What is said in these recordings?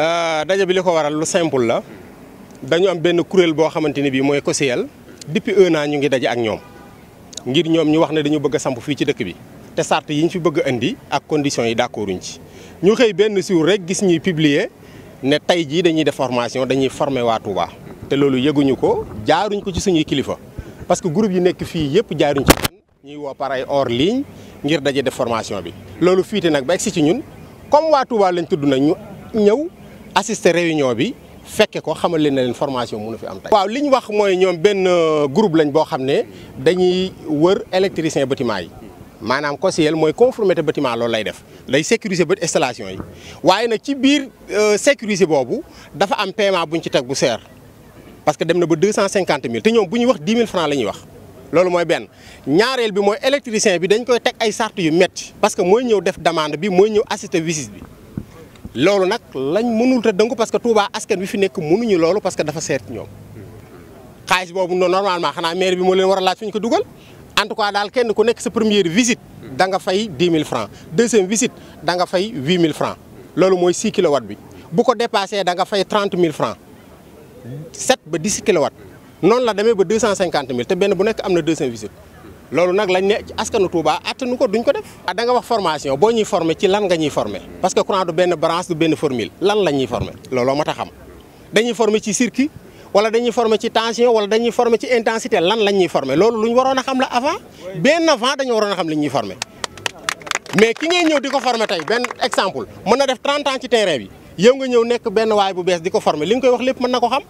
Euh, daje bi li ko waral lu simple la dañu am benn kuréel boo xamante ni bii mooy COCEL depuis un an ñu ngi daje ak ñoom ngir ñoom ñu wax ne dañu bëgg a samp fii ci dëkk bi te sart yi ñu fi bëgg indi ak conditions yi d'accorduñ ci ñu xëy benn suur rek gis ñuy publier ne tey jii dañuy deformation dañuy former waa Touba te loolu yëguñu ko jaaruñ ko ci suñuy kilifa parce que groupe yi nekk fii yëpp jaaruñ ci ñuy woo par ay hors ngir daje def formation bi loolu fiite nag ba egsi ci ñun comme waa Touba lañ tudd nag ñu ñëw assister réunion bi fekke ko xamal leen ne leen formation mënu fi am tey. waaw li ñu wax mooy ñoom benn euh, groupe lañ boo xam ne dañuy wër électricien bâtiment yi maanaam COSYEL mooy conformité bâtiment loolu lay def lay sécuriser ba installation yi waaye nag ci biir euh, sécuriser boobu dafa am paiement bu ci teg bu seer parce que dem na ba deux cent cinquante mille te ñoom bu wax dix mille la ñuy wax. loolu mooy benn ñaareel bi mooy électricien bi dañ koy teg ay sart yu metti parce que mooy ñëw def demande bi mooy ñëw assister visite bi loolu nag lañ mënul te dënku parce que Touba askan bi fi nekk mënuñu loolu parce que dafa seet ñoom xaalis boobu noonu normalement xanaa maire bi moo leen war a laaj fi ñu ko dugal en cas daal kenn ku nekk sa première visite da nga fay 10 000 francs deuxième visite da danga fay 8 mille francs loolu mooy 6 kilowatt bi bu ko dépassé da nga fay 30 000 francs 7 ba 10 kilowatt noonu la demee ba deux cent cinquante mille te benn bu nekk am na deux cent visites loolu nag lañ ne askanu Touba attanu ko duñ ko def. ah da wax formation boo ñuy former ci lan nga ñuy former parce que courant du benn branche du benn formule lan la ñuy former mat a xam dañuy former ci circuit wala dañuy former ci tension wala dañuy former ci intensité lan la ñuy loolu lu ñu waroon a xam la avant bien avant dañu waroon a xam li ñuy former mais ki ngay ñëw di ko former tey benn exemple mën na def 30 ci terrain bi yow nga ñëw nekk benn waay bu bees di ko former li nga koy wax lépp mën na ko xam.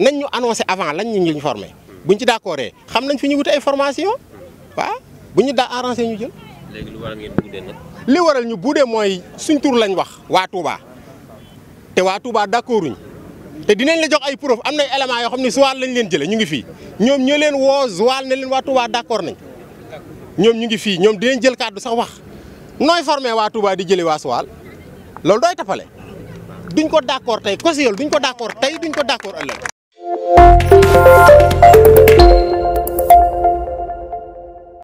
nañ ñu annoncé avant lañ ñu ñu formé buñ ci d'accord xam nañ fi ñu wute ay formation waaw bu ñu daa arrangé ñu jël. léegi waral li waral ñu buudee mooy suñ tur lañ wax waa Touba te waa Touba d'accorduñ te dinañ la jox ay preuve am na éléments yoo xam ne Joal lañ leen jëlee ñu ngi fii ñoom ñoo leen woo Joal ne leen waa Touba d'accord nañ ñoom ñu ngi fii ñoom dinañ jël kàddu sax wax nooy formé waa Touba di jële waa Joal loolu dooy tapale duñ ko d'accord tey caution duñ ko d'accord tey duñ ko d'accord ëllëg